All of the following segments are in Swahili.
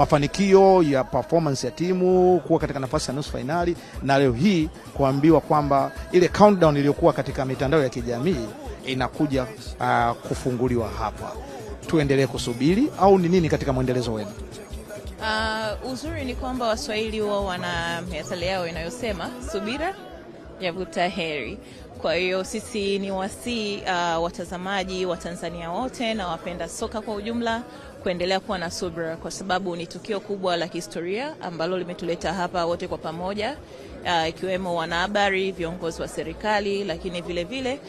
mafanikio ya performance ya timu kuwa katika nafasi ya nusu fainali, na leo hii kuambiwa kwamba ile countdown iliyokuwa katika mitandao ya kijamii inakuja uh, kufunguliwa hapa. Tuendelee kusubiri au ni nini katika mwendelezo wenu? Uh, uzuri ni kwamba Waswahili wao wana methali yao inayosema subira yavuta heri. Kwa hiyo sisi ni wasii uh, watazamaji wa Tanzania wote na wapenda soka kwa ujumla kuendelea kuwa na subira, kwa sababu ni tukio kubwa la kihistoria ambalo limetuleta hapa wote kwa pamoja, uh, ikiwemo wanahabari, viongozi wa serikali, lakini vile vile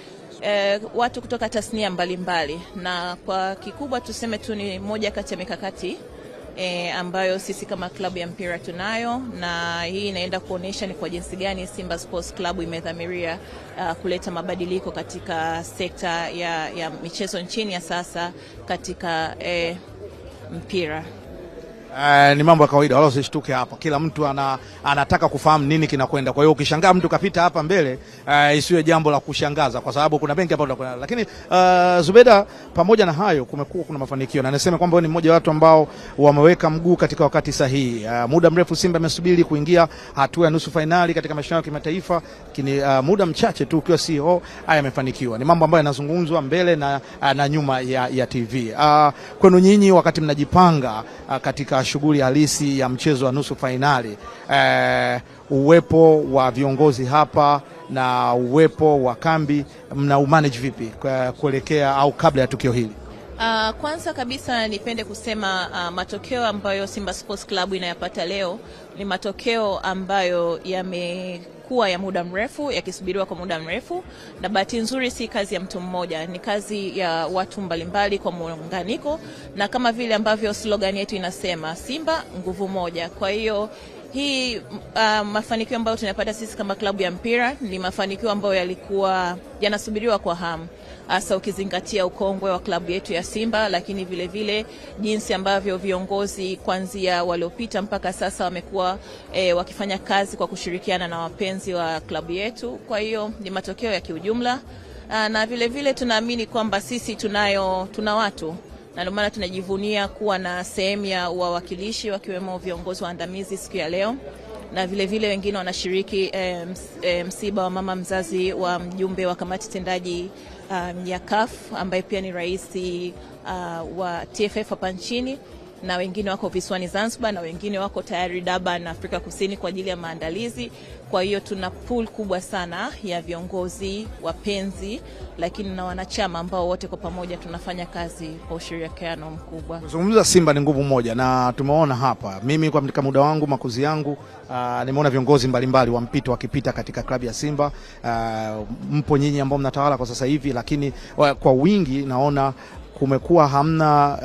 uh, watu kutoka tasnia mbalimbali mbali. Na kwa kikubwa tuseme tu ni moja kati ya mikakati e, ambayo sisi kama klabu ya mpira tunayo, na hii inaenda kuonyesha ni kwa jinsi gani Simba Sports Club imedhamiria uh, kuleta mabadiliko katika sekta ya, ya michezo nchini ya sasa katika eh, mpira. Uh, ni mambo ya kawaida wala usishtuke hapa. Kila mtu ana, anataka kufahamu nini kinakwenda. Kwa hiyo ukishangaa mtu kapita hapa mbele uh, isiwe jambo la kushangaza kwa sababu kuna benki hapa tunakwenda. Lakini uh, Zubeda, pamoja na hayo kumekuwa kuna mafanikio na nasema kwamba ni mmoja wa watu ambao wameweka mguu katika wakati sahihi. Uh, muda mrefu Simba imesubiri kuingia hatua ya nusu fainali katika mashindano ya kimataifa, lakini uh, muda mchache tu ukiwa CEO haya amefanikiwa. Ni mambo ambayo yanazungumzwa mbele na, uh, na nyuma ya, ya TV. Uh, ah, kwenu nyinyi wakati mnajipanga uh, katika shughuli halisi ya mchezo wa nusu fainali e, uwepo wa viongozi hapa na uwepo wa kambi mna umanage vipi eh, kuelekea au kabla ya tukio hili? Uh, kwanza kabisa nipende kusema uh, matokeo ambayo Simba Sports Club inayapata leo ni matokeo ambayo yame yamekuwa ya muda mrefu yakisubiriwa kwa muda mrefu, na bahati nzuri si kazi ya mtu mmoja, ni kazi ya watu mbalimbali kwa muunganiko, na kama vile ambavyo slogan yetu inasema Simba nguvu moja. Kwa hiyo hii uh, mafanikio ambayo tunapata sisi kama klabu ya mpira ni mafanikio ambayo yalikuwa yanasubiriwa kwa hamu hasa ukizingatia ukongwe wa klabu yetu ya Simba, lakini vilevile vile, jinsi ambavyo viongozi kuanzia waliopita mpaka sasa wamekuwa e, wakifanya kazi kwa kushirikiana na wapenzi wa klabu yetu. Kwa hiyo ni matokeo ya kiujumla ah, na vilevile tunaamini kwamba sisi tunayo tuna watu na ndio maana tunajivunia kuwa na sehemu ya wawakilishi wakiwemo viongozi waandamizi siku ya leo na vilevile vile wengine wanashiriki eh, eh, msiba wa mama mzazi wa mjumbe wa kamati tendaji um, ya ambaye pia ni rais uh, wa TFF hapa nchini na wengine wako visiwani Zanzibar na wengine wako tayari Durban Afrika Kusini kwa ajili ya maandalizi. Kwa hiyo tuna pool kubwa sana ya viongozi, wapenzi, lakini na wanachama ambao wote kwa pamoja tunafanya kazi kwa ushirikiano mkubwa. Kuzungumza Simba ni nguvu moja, na tumeona hapa, mimi kwa katika muda wangu makuzi yangu uh, nimeona viongozi mbalimbali wa mpito wakipita katika klabu ya Simba. Uh, mpo nyinyi ambao mnatawala kwa sasa hivi, lakini kwa wingi naona kumekuwa hamna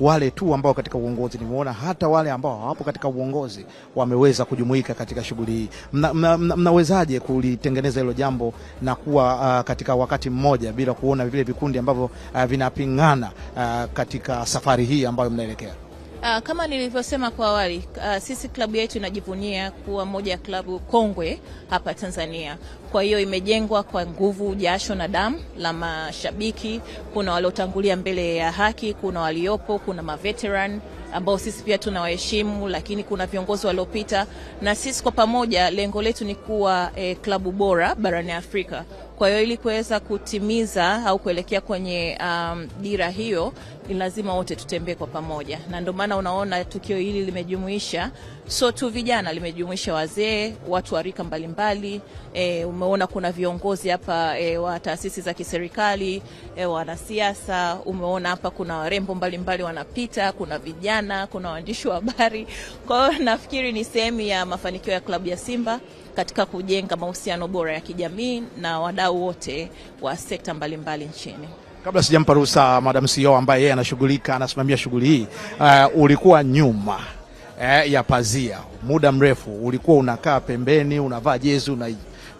uh, wale tu ambao katika uongozi. Nimeona hata wale ambao hawapo katika uongozi wameweza kujumuika katika shughuli hii. Mna, mna, mna, mnawezaje kulitengeneza hilo jambo na kuwa uh, katika wakati mmoja bila kuona vile vikundi ambavyo uh, vinapingana uh, katika safari hii ambayo mnaelekea? Uh, kama nilivyosema kwa awali uh, sisi klabu yetu inajivunia kuwa moja ya klabu kongwe hapa Tanzania. Kwa hiyo imejengwa kwa nguvu, jasho na damu la mashabiki. Kuna waliotangulia mbele ya haki, kuna waliopo, kuna maveteran ambao sisi pia tunawaheshimu, lakini kuna viongozi waliopita, na sisi kwa pamoja lengo letu ni kuwa eh, klabu bora barani Afrika. Kwa hiyo ili kuweza kutimiza au kuelekea kwenye um, dira hiyo ni lazima wote tutembee kwa pamoja, na ndio maana unaona tukio hili limejumuisha so tu vijana, limejumuisha wazee, watu wa rika mbalimbali. E, umeona kuna viongozi hapa e, wa taasisi za kiserikali e, wanasiasa. Umeona hapa kuna warembo mbalimbali wanapita, kuna vijana, kuna waandishi wa habari. Kwa hiyo nafikiri ni sehemu ya mafanikio ya klabu ya Simba katika kujenga mahusiano bora ya kijamii na wadau wote wa sekta mbalimbali mbali nchini. Kabla sijampa ruhusa Madam CEO ambaye yeye anashughulika anasimamia shughuli hii, uh, ulikuwa nyuma uh, ya pazia muda mrefu, ulikuwa unakaa pembeni, unavaa jezi, una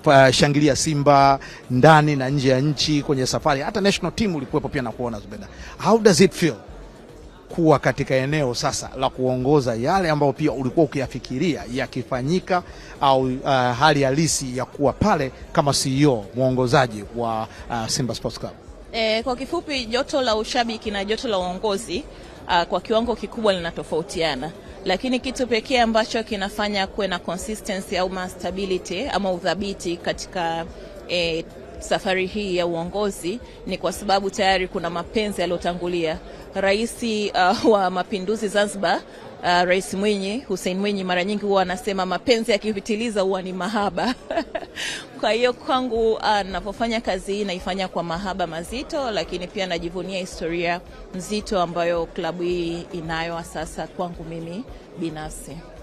uh, shangilia Simba ndani na nje ya nchi, kwenye safari hata national team ulikuwepo pia na kuona Zubeda. How does it feel kuwa katika eneo sasa la kuongoza yale ambayo pia ulikuwa ukiyafikiria yakifanyika, au uh, hali halisi ya kuwa pale kama CEO mwongozaji wa uh, Simba Sports Club? E, kwa kifupi joto la ushabiki na joto la uongozi uh, kwa kiwango kikubwa linatofautiana, lakini kitu pekee ambacho kinafanya kuwe na consistency au stability ama udhabiti katika e, safari hii ya uongozi ni kwa sababu tayari kuna mapenzi yaliyotangulia. Rais uh, wa mapinduzi Zanzibar Uh, Rais Mwinyi Hussein Mwinyi mara nyingi huwa anasema mapenzi yakipitiliza huwa ni mahaba. Kwa hiyo kwangu, uh, ninapofanya kazi hii naifanya kwa mahaba mazito, lakini pia najivunia historia nzito ambayo klabu hii inayo sasa kwangu mimi binafsi.